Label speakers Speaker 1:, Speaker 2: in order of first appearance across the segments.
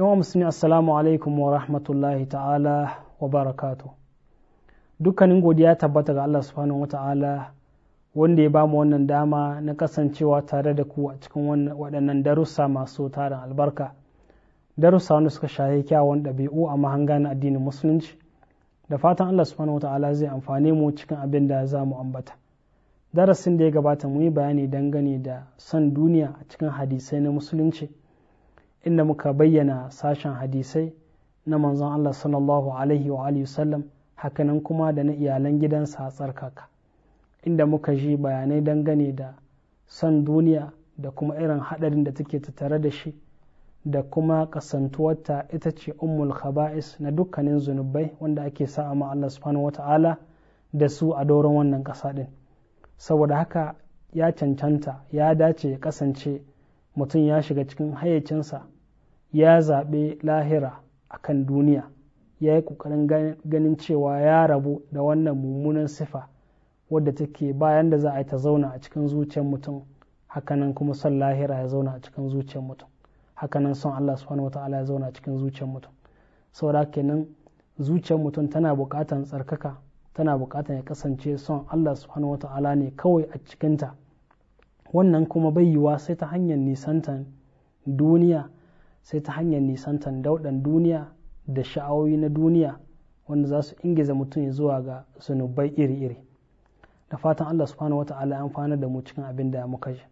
Speaker 1: yawan musulmi assalamu alaikum wa rahmatullahi ta'ala wa barakatu dukkanin godiya tabbata ga Allah subhanahu wa ta'ala wanda ya bamu wannan dama na kasancewa tare da ku a cikin waɗannan darussa masu tarin albarka darussa wanda suka shahi kyawun ɗabi'u a mahanga na addinin musulunci da fatan Allah subhanahu wa ta'ala zai amfane mu cikin abin da za mu ambata darasin da ya gabata mu yi bayani dangane da son duniya a cikin hadisai na musulunci inda muka bayyana sashen hadisai na manzon Allah sallallahu alaihi wa alihi sallam hakanan kuma da na iyalan gidansa tsarkaka inda muka ji bayanai dangane da son duniya da kuma irin haɗarin da take tattare da shi da kuma kasantuwarta ita ce ummul khaba'is na dukkanin zunubai wanda ake sa ma Allah subhanahu wata'ala da su a doron wannan ƙasa ɗin saboda haka ya cancanta ya dace ya kasance mutum ya shiga cikin hayyacinsa ya zaɓe lahira a kan duniya ya yi ƙoƙarin ganin cewa ya rabu da wannan mummunan sifa wadda take bayan da za a yi ta zauna a cikin zuciyar mutum hakanan kuma son lahira ya zauna a cikin zuciyar mutum hakanan son Allah subhanahu wata'ala ya zauna a cikin zuciyar mutum saboda kenan zuciyar mutum tana buƙatar tsarkaka tana buƙatar ya kasance son Allah subhanahu wata'ala ne kawai a cikinta wannan kuma bai yiwa sai ta hanyar nisantan duniya sai ta hanyar nisan daudan duniya da sha'awoyi na duniya wanda za su ingiza mutum zuwa ga zunubai iri-iri da fatan Allah subhanahu wa ta'ala amfana da mu cikin abin da muka ji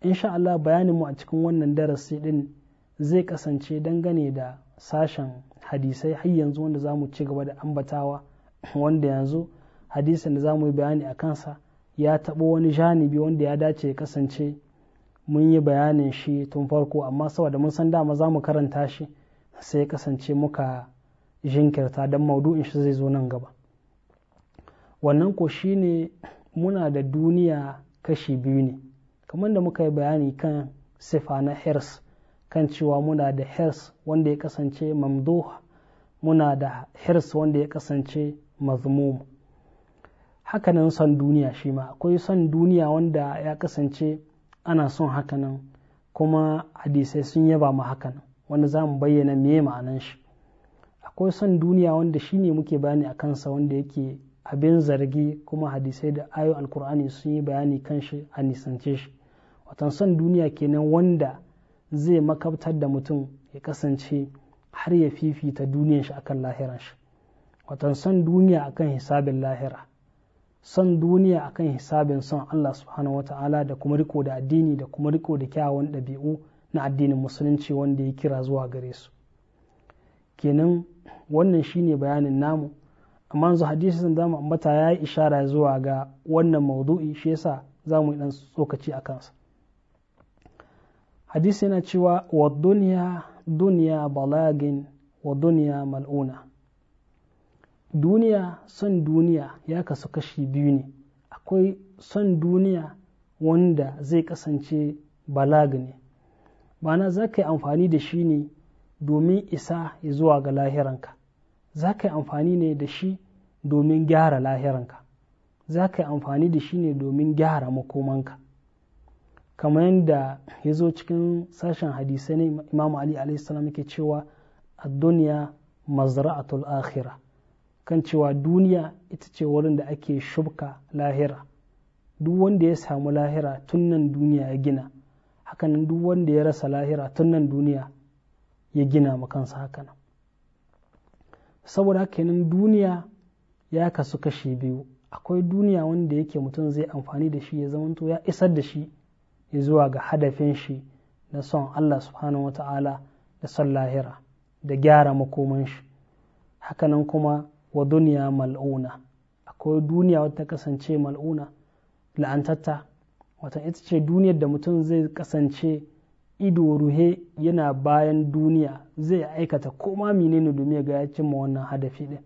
Speaker 1: insha Allah bayaninmu a cikin wannan darasi din zai kasance dangane da sashen hadisai har yanzu wanda za mu ci gaba da ambatawa wanda yanzu hadisan da za mu yi bayani a kansa ya taɓo wani janibi wanda ya dace ya kasance mun yi bayanin shi tun farko amma saboda mun san dama za mu karanta shi sai kasance muka jinkirta don maudu'in shi zai zo nan gaba wannan ko ne muna da duniya kashi biyu ne kamar da muka yi bayani kan sifa na hers kan cewa muna da hers wanda ya kasance mamduha muna da hers wanda ya kasance mazmum hakanan son duniya shi ma akwai son duniya wanda ya kasance ana son hakanan kuma hadisai sun yaba mu hakanan wanda za mu bayyana meye ma'anan shi akwai son duniya wanda shi ne muke bayani a kansa wanda yake abin zargi kuma hadisai da ayo alkur'ani sun yi bayani kan shi a nisance shi watan son duniya kenan wanda zai makabtar da mutum ya kasance har ya fifita duniyan shi akan lahiran shi watan son duniya akan hisabin lahira son duniya akan hisabin son Allah subhanahu wata'ala da kuma riko da addini da kuma riko da kyawun ɗabi'u na addinin musulunci wanda ya kira zuwa gare su kenan wannan shine bayanin namu amma yanzu hadisin da mu ambata ya yi ishara zuwa ga wannan maudu'i shi yasa za mu yi ɗan tsokaci a kansa hadisi yana cewa wa duniya duniya balagin wa duniya mal'una duniya son duniya ya kasu kashi biyu ne akwai son duniya wanda zai kasance balaga ne ma'ana za ka yi amfani da shi ne domin isa ya zuwa ga lahiranka za ka yi amfani ne da shi domin gyara lahiranka za ka yi amfani da shi ne domin gyara makomanka kamar yadda ya zo cikin sashen hadisai na imam ali alaihissalam ke cewa a duniya mazra'atul akhirah kan cewa duniya ita ce wurin da ake shubka lahira duk wanda ya samu lahira tun nan duniya ya gina hakanan duk wanda ya rasa lahira tun nan duniya ya gina makansa hakanan saboda haka nan duniya ya kasu kashe biyu akwai duniya wanda yake mutum zai amfani da shi ya zamanto ya isar da shi ya zuwa ga hadafin shi na son Allah subhanahu wa ta'ala da son lahira da gyara makoman shi hakanan kuma wa duniya mal'una akwai duniya wata kasance mal'una la'antatta wata ita ce duniyar da mutum zai kasance ido ruhe yana bayan duniya zai aikata koma menene domin ga ya cimma wannan hadafi din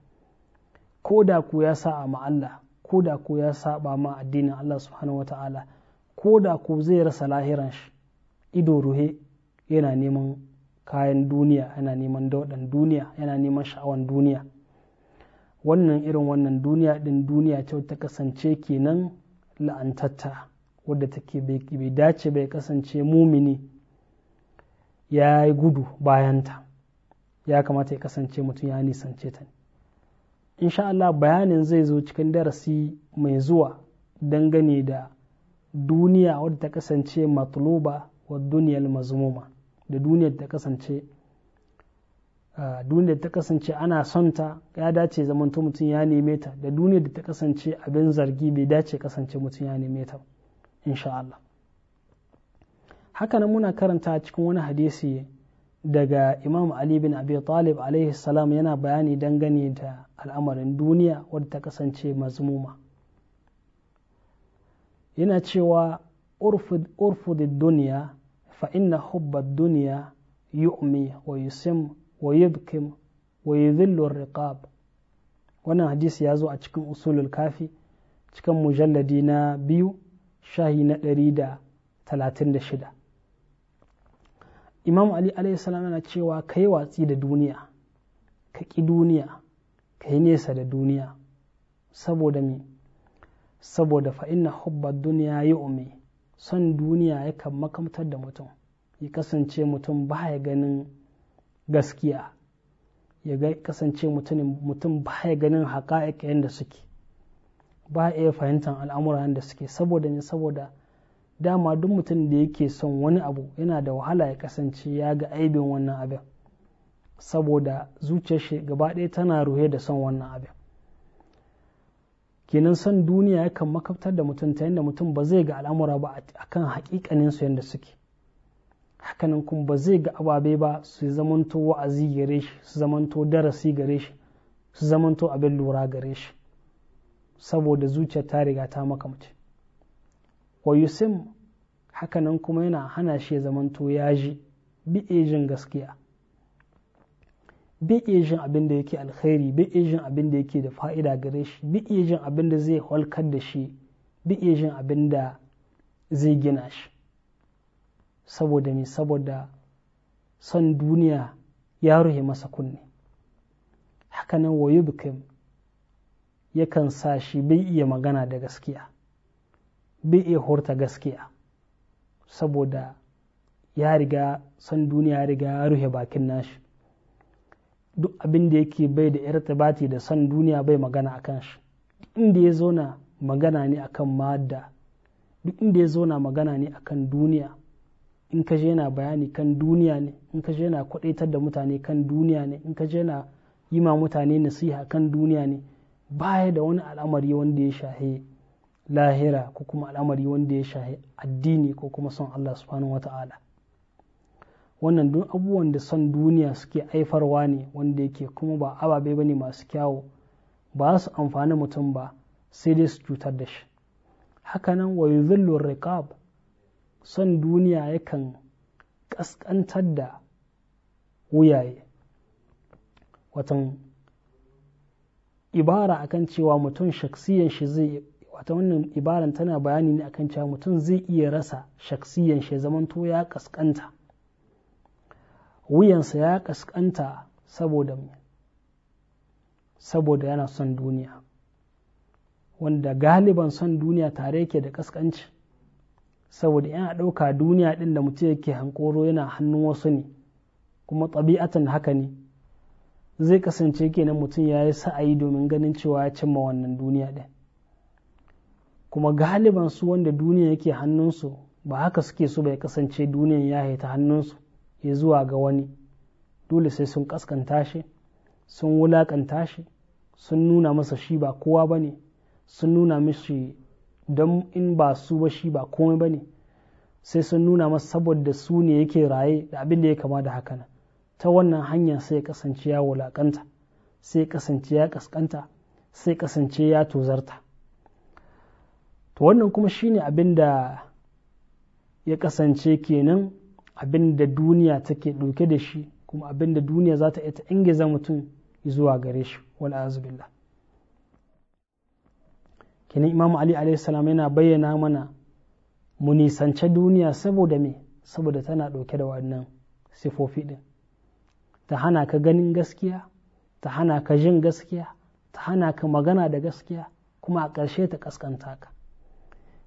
Speaker 1: ko da ku ya sa ma Allah ko da ku ya saba ma addinin Allah subhanahu wata'ala ko da ku zai rasa lahiran shi ido ruhe yana neman kayan duniya yana neman daudan duniya yana neman sha'awan duniya wannan irin wannan duniya din duniya kyau ta kasance kenan la'antatta wadda take bai dace bai kasance mumini ya yi gudu bayanta ya kamata ya kasance mutum ya nisance ta insha Allah bayanin zai zo cikin darasi mai zuwa dangane da duniya wadda ta kasance matuluba wa duniyar mazmuma da duniyar ta kasance duniya da ta kasance ana son ta ya dace zamanto mutum ya neme ta da duniyar da ta kasance abin zargi bai dace kasance mutum ya neme ta insha Allah hakanan muna karanta cikin wani hadisi daga imam ali bin abi talib alaihi salam yana bayani dangane da al'amarin duniya wadda ta kasance mazmuma yana cewa urfu duniya fa inna hubba duniya yu'mi wa yusim wa ويذل الرقاب riqab wannan hadisi ya zo a cikin usulul kafi cikin mujalladi na biyu shahi na ɗari da talatin da shida imam ali alaihissalam yana cewa ka yi watsi da duniya ka ƙi duniya ka yi nesa da duniya saboda me saboda fa'inna hubbar duniya ya ume son duniya yakan makamtar da mutum ya kasance mutum ba ya ganin gaskiya ya kasance mutum baya ganin haƙa'iƙa yadda suke ba iya fahimtar al'amura yadda suke saboda ne saboda dama duk mutum da yake son wani abu yana da wahala ya kasance ya ga aibin wannan abin saboda zuciyar shi gaba ɗaya tana ruhe da son wannan abin kenan son duniya yakan makabtar da mutum ta yadda mutum ba zai ga al'amura ba akan haƙiƙanin su yadda suke hakanan kuma ba zai ga ababe ba su zamanto wa'azi gare shi su zamanto darasi gare shi su zamanto abin lura gare shi saboda zuciya ta riga ta makamci wa yusim hakanan kuma yana hana shi ya zamanto ya ji ejin gaskiya ejin abin da yake alkhairi ejin abin da yake da fa'ida gare shi ejin abin da zai holkar da shi ejin abin da zai gina shi saboda me saboda son duniya ya ruhe masa kunne hakanan wayo bikin yakan sa shi bai iya magana da gaskiya bai iya horta gaskiya saboda ya riga son duniya ya riga ya ruhe bakin nashi duk abin da yake bai da irtibati da son duniya bai magana akan shi inda ya zauna magana ne akan madda duk inda ya zauna magana ne akan duniya in ka je na bayani kan duniya ne in ka je na kwadaitar da mutane kan duniya ne in ka je na yi ma mutane nasiha kan duniya ne baya da wani al'amari wanda ya shahe lahira ko kuma al'amari wanda ya shahe addini ko kuma son Allah subhanahu wata'ala wannan duk abubuwan da son duniya suke aifarwa ne wanda yake kuma ba ababe ne masu kyawu ba su amfani mutum ba sai dai su cutar da shi hakanan wa yuzillu riqab son duniya yakan ƙasƙantar da wuyaye watan ibara akan cewa mutum shaksiyan shi zai wata wannan ibaran tana bayani ne akan cewa mutum zai iya rasa shaksiyan shi zamanto ya ƙasƙanta wuyansa ya ƙasƙanta saboda saboda yana son duniya wanda galiban son duniya tare yake da ƙasƙanci saboda yana ɗauka duniya ɗin da mutum yake hankoro yana hannun wasu ne kuma ɗabi'atan haka ne zai kasance kenan mutum ya yi sa'ayi domin ganin cewa ya cimma wannan duniya ɗin kuma galiban su wanda duniya yake hannunsu ba haka suke so bai kasance duniyan ya haita hannunsu ya zuwa ga wani dole sai sun kaskanta shi sun wulakanta shi sun nuna masa shi ba kowa ba ne sun nuna mishi don in ba su ba shi ba komai ba ne sai sun nuna masa saboda su ne yake raye da abin da ya kama da haka ta wannan hanyar sai ya kasance ya wulakanta sai ya kasance ya kaskanta sai ya kasance ya tozarta to wannan kuma shi ne abin da ya kasance kenan abin da duniya take ɗauke da shi kuma abin da duniya za ta iya ta ingiza mutum zuwa gare shi wani azubillah kenan imamu ali alaihissalam yana bayyana mana mu nisance duniya saboda me saboda tana ɗauke da wannan sifofi ɗin ta hana ka ganin gaskiya ta hana ka jin gaskiya ta hana ka magana da gaskiya kuma a ƙarshe ta ƙaskanta ka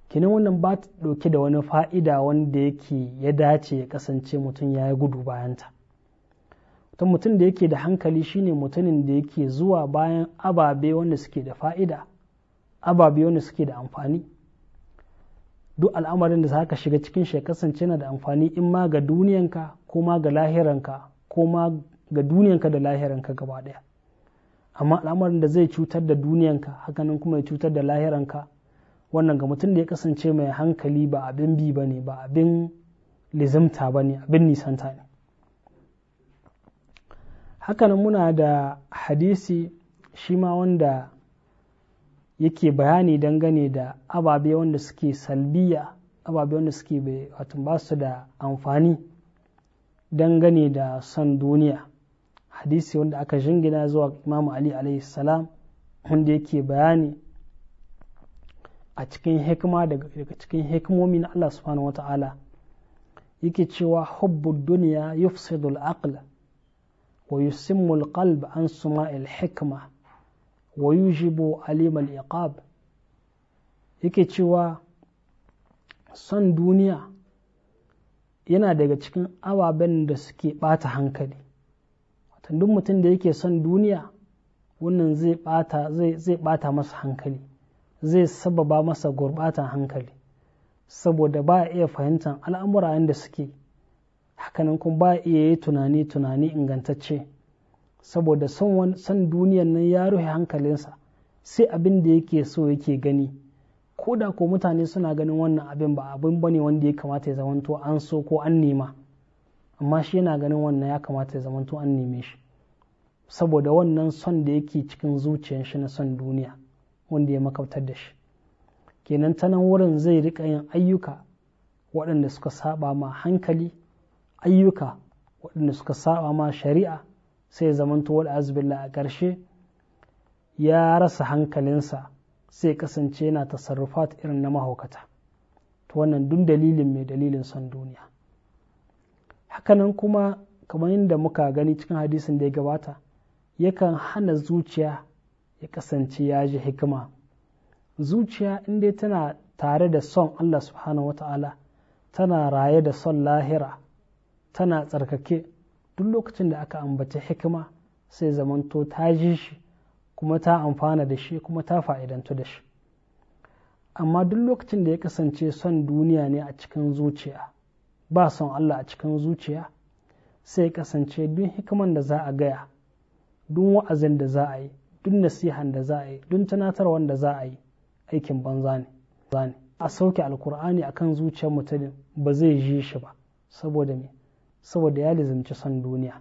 Speaker 1: kenan wannan ba ta ɗauke da wani fa'ida wanda yake ya dace ya kasance mutum ya yi gudu bayanta ta mutum da yake da hankali shine mutumin da yake zuwa bayan ababe wanda suke da fa'ida ababe wanda suke da amfani duk al'amarin da za ka shiga cikin shi kasance na da amfani in ma ga duniyanka ko ma ga lahiranka ko ma ga duniyanka da lahiranka gaba daya amma al'amarin da zai cutar da duniyanka hakanan kuma ya cutar da lahiranka wannan ga mutum da ya kasance mai hankali ba abin bi ba ne ba abin lizimta ba ne abin nisanta ne hakanan muna da hadisi shi ma wanda yake bayani dangane da ababe wanda suke salbiya ababe wanda suke wato ba su da amfani dangane da son duniya hadisi wanda aka jingina zuwa imamu ali alaihi salam wanda yake bayani a cikin hikima daga cikin hikimomi na Allah subhanahu wata'ala yake cewa hubbud duniya yufsidul aql wa yusimmul qalb an suma'il hikma wa yushibu alimal iqab yake cewa son duniya yana daga cikin ababen da suke ɓata hankali duk mutum da yake son duniya wannan zai ɓata zai ɓata masa hankali zai sababa masa gurbatan hankali saboda ba a iya fahimtar al'amuran da suke hakanan kuma ba a iya yi tunani tunani ingantacce saboda son duniyan nan ya rufe hankalinsa sai abin da yake so yake gani ko da ko mutane suna ganin wannan abin ba abin bane wanda ya kamata ya zamanto an so ko an nema amma shi yana ganin wannan ya kamata ya zamanto an neme shi saboda wannan son da yake cikin zuciyar shi na son duniya wanda ya makautar da shi kenan ta nan wurin zai rika yin ayyuka waɗanda suka saba ma hankali ayyuka waɗanda suka saba ma shari'a sai zamanto wal a ƙarshe ya rasa hankalinsa sai kasance yana tasarrufat irin na mahaukata ta wannan duk dalilin mai dalilin son duniya hakanan kuma kamar yadda muka gani cikin hadisin da ya gabata yakan hana zuciya ya kasance ya ji hikima zuciya inda tana tare da son Allah subhanahu wata'ala tana raye da son lahira tana tsarkake duk lokacin da aka ambaci hikima sai zamanto ta ji shi kuma ta amfana da shi kuma ta fa'idantu da shi amma duk lokacin da ya kasance son duniya ne a cikin zuciya ba son Allah a cikin zuciya sai kasance duk hikiman da za a gaya duk wa'azin da za a yi duk nasihan da za a yi duk tunatarwar da za a yi aikin banza ne a sauke alkur'ani akan zuciyar mutum ba zai ji shi ba saboda me saboda ya lizimci son duniya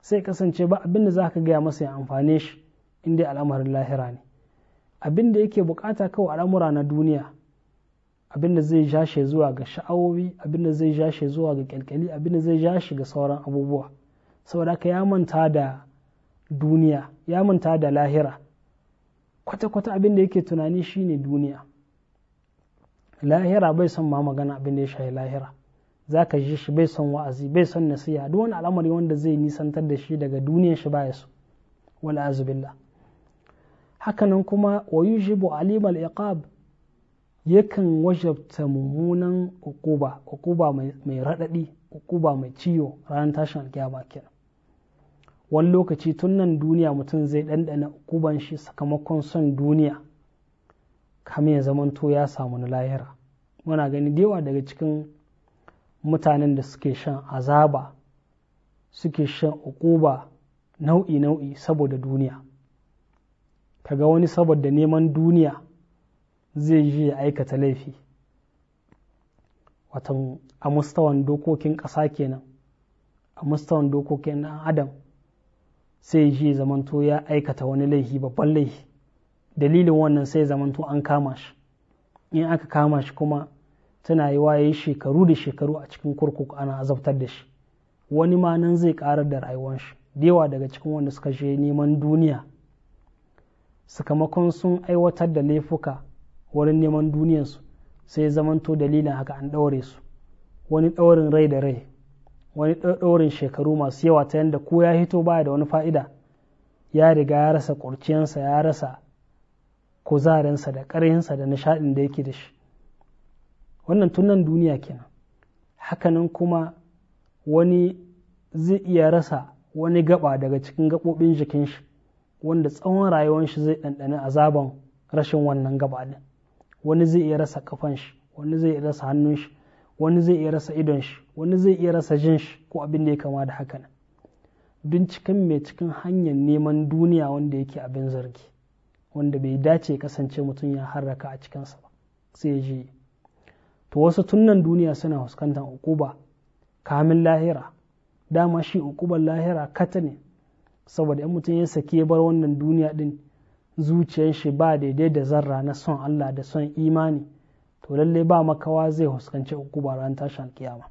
Speaker 1: sai kasance ba abin da za ka gaya masa ya amfane shi inda al'amarin lahira ne abin da yake bukata kawai al'amura na duniya abin da zai ja shi zuwa ga sha'awowi abin da zai ja shi zuwa ga kyalkyali abin da zai ja shi ga sauran abubuwa saboda ka ya manta da duniya ya manta da lahira kwata-kwata abin da yake tunani shine duniya lahira bai son ma magana abin da ya shahi lahira za ka ji shi bai son wa'azi bai son nasiha duk wani al'amari wanda zai nisantar da shi daga duniyar shi baya su. wal billah hakanan kuma wa yujibu alim al iqab yakan wajabta mummunan ukuba ukuba mai radadi ukuba mai ciyo ranar tashin alkiyama kenan wani lokaci tun nan duniya mutum zai dandana ukuban shi sakamakon son duniya kamar ya zamanto ya samu na lahira muna gani da daga cikin mutanen da suke shan azaba suke shan uquba nau'i-nau'i saboda duniya kaga wani saboda neman duniya zai ji ya aikata laifi watan a mustawan dokokin ƙasa kenan a mustawan dokokin ɗan adam sai ji zamanto ya aikata wani laifi babban laifi dalilin wannan sai zamanto an kama shi in aka kama shi kuma tana yi waye shekaru da shekaru a cikin kurkuku ana azabtar da shi wani ma nan zai karar da rayuwar shi yawa daga cikin wanda suka je neman duniya sakamakon sun aiwatar da laifuka wurin neman duniyarsu sai zamanto dalilin haka an ɗaure su wani ɗaurin rai da rai wani ɗaurin shekaru masu yawa ta yadda ko ya hito baya da wani fa'ida ya riga ya rasa ƙurciyarsa, ya rasa kuzarinsa da ƙarhinsa da nishaɗin da yake da shi wannan tunan duniya kenan hakanan kuma wani zai iya rasa wani gaba daga cikin gaɓoɓin jikin shi wanda tsawon rayuwar shi zai ɗanɗani azaban rashin wannan gaba ɗin wani zai iya rasa kafan shi wani zai iya rasa hannun shi wani zai iya rasa idon shi wani zai iya rasa jin shi ko abin da ya kama da haka nan binciken mai cikin hanyar neman duniya wanda yake abin zargi wanda bai dace kasance mutum ya harraka a cikinsa ba sai ya je to wasu tunnan duniya suna fuskantar ukuba kamin lahira dama shi ukuban lahira kata ne saboda in mutum ya saki ya bar wannan duniya din zuciyar shi ba daidai da zarra na son Allah da son imani to lalle ba makawa zai fuskanci ukuba ran tashin kiyama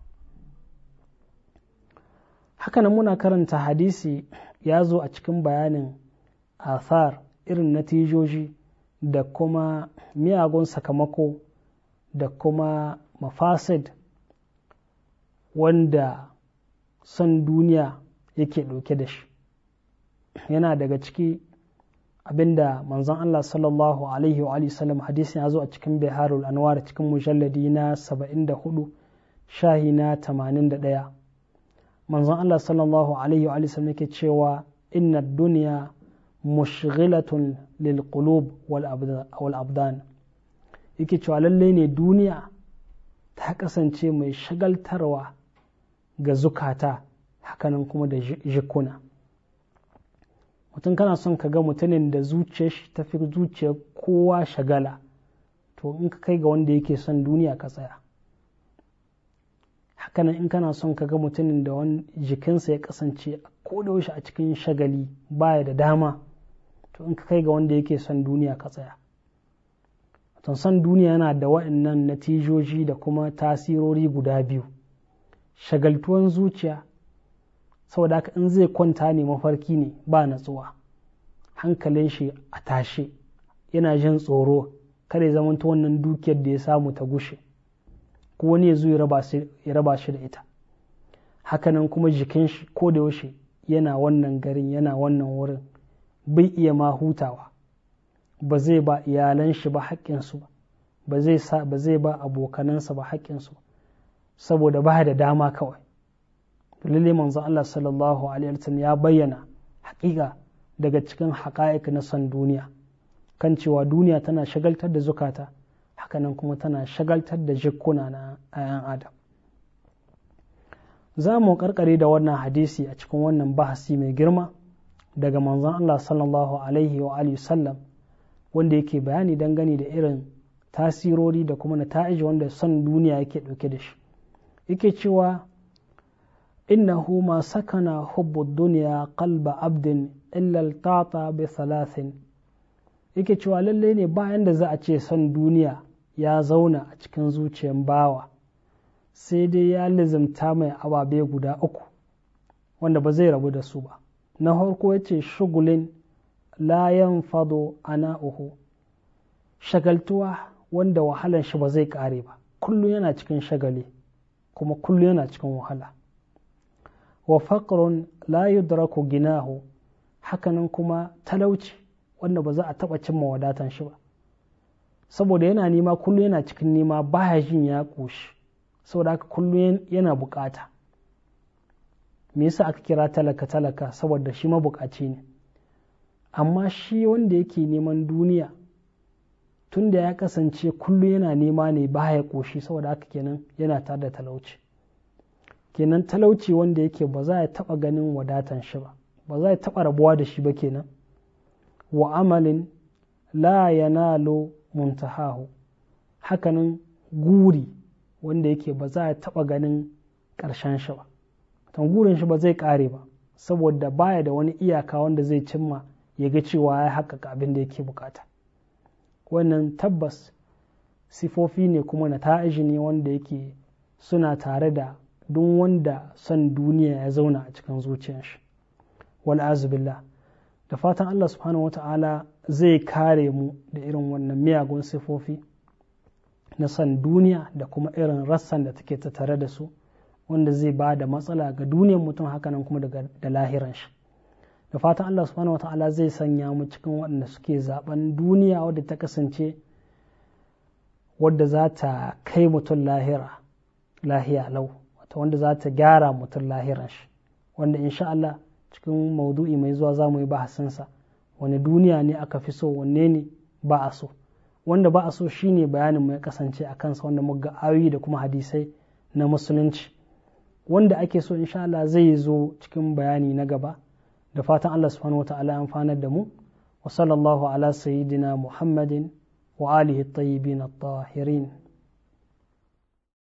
Speaker 1: hakanan muna karanta hadisi ya zo a cikin bayanin athar irin natijoji da kuma miyagun sakamako da kuma mafasid wanda son duniya yake ɗauke da shi yana daga ciki abinda manzon Allah sallallahu alaihi wa sallam hadisi ya zo a cikin biharul anwar cikin mujalladi na 74 shahi na 81 manzon Allah sallallahu alaihi wa sallam yake cewa inna duniya mushghilatun lil qulub wal abdan yake cewa lalle ne duniya ta kasance mai shagaltarwa ga zukata hakanan kuma da jikuna mutum kana son ka ga mutumin da zuciyar shi tafi zuciyar kowa shagala to in ka kai ga wanda yake son duniya ka tsaya hakanan in kana son ka ga mutumin da wani jikinsa ya kasance kodaushe a cikin shagali baya da dama to in ka kai ga wanda yake son duniya ka tsaya to san duniya yana da waɗannan natijoji da kuma tasirori guda biyu shagaltuwan zuciya saboda haka in zai kwanta ne mafarki ne ba natsuwa hankalin shi a tashe yana jin tsoro kada ya ta wannan dukiyar da ya samu ta gushe ko wani ya zo ya raba shi da ita hakanan kuma jikin shi ko da yaushe yana wannan garin yana wannan wurin bai iya ma hutawa ba zai ba iyalan shi ba haƙƙinsu ba zai ba zai ba abokanansa ba haƙƙinsu saboda ba da dama kawai lalle Manzo Allah sallallahu alaihi wasallam ya bayyana haƙiƙa daga cikin haƙa'iq na san duniya kan cewa duniya tana shagaltar da zukata hakanan kuma tana shagaltar da jikkuna na ayan adam za mu karkare da wannan hadisi a cikin wannan bahasi mai girma daga manzon Allah sallallahu alaihi wa alihi sallam wanda yake bayani dangane da irin tasirori da kuma nata'ij wanda son duniya yake ɗauke da shi yake cewa innahu ma sakana hubbu duniya qalba abdin illal tata bi thalathin yake cewa lallai ne bayan da za a ce son duniya ya zauna a cikin zuciyar bawa sai dai ya lizimta mai ababe guda uku wanda ba zai rabu da su ba na farko ya ce shugulin la ana uhu shagaltuwa wanda wahalan shi ba zai kare ba kullum yana cikin shagali kuma kullum yana cikin wahala wa faqrun la yudraku ginahu hakanan kuma talauci wanda ba za a taɓa cimma wadatan shi ba saboda yana nema kullum yana cikin nema baya jin ya koshi saboda haka kullum yana bukata me yasa aka kira talaka talaka saboda shi mabukaci ne amma shi wanda yake neman duniya tun da ya kasance kullum yana nema ne ya koshi saboda haka kenan yana tare da talauci kenan talauci wanda yake ba za ya taɓa ganin wadatan shi ba ba za ya taɓa rabuwa da shi ba kenan wa amalin la yanalo muntahahu hakanan guri wanda yake ba za ya taɓa ganin ƙarshen shi ba tan gurin shi ba zai ƙare ba saboda baya da wani iyaka wanda zai cimma ya ga cewa ya haƙaƙa abin da yake bukata wannan tabbas sifofi ne kuma na ta'aji ne wanda yake suna tare da duk wanda son duniya ya zauna a cikin zuciyar shi wal azubillah da fatan Allah subhanahu wata'ala zai kare mu da irin wannan miyagun sifofi na son duniya da kuma irin rassan da take tare da su wanda zai ba da matsala ga duniyar mutum hakanan kuma da lahiran shi da fatan Allah subhanahu wata'ala zai sanya mu cikin waɗanda suke zaben duniya wadda ta kasance wadda za ta kai mutum lahira lahiya lau wata wanda za ta gyara mutum lahiran shi wanda insha Allah cikin maudu'i mai zuwa za mu yi bahasinsa wani duniya ne aka fi so wanne ne ba a so wanda ba a so shine bayanin mu ya kasance a kansa wanda muga ayoyi da kuma hadisai na musulunci wanda ake so insha Allah zai zo cikin bayani na gaba da fatan Allah subhanahu wata'ala ya amfanar da mu wa sallallahu ala sayyidina Muhammadin wa alihi at-tayyibin at-tahirin